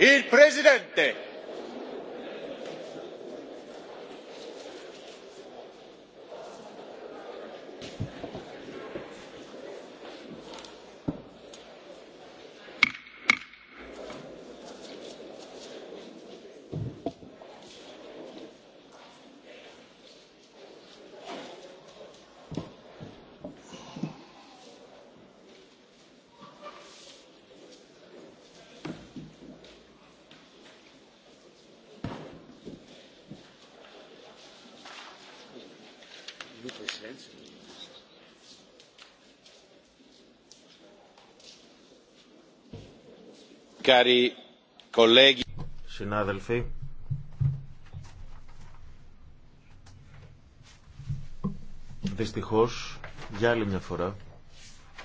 il presidente Συνάδελφοι, δυστυχώς για άλλη μια φορά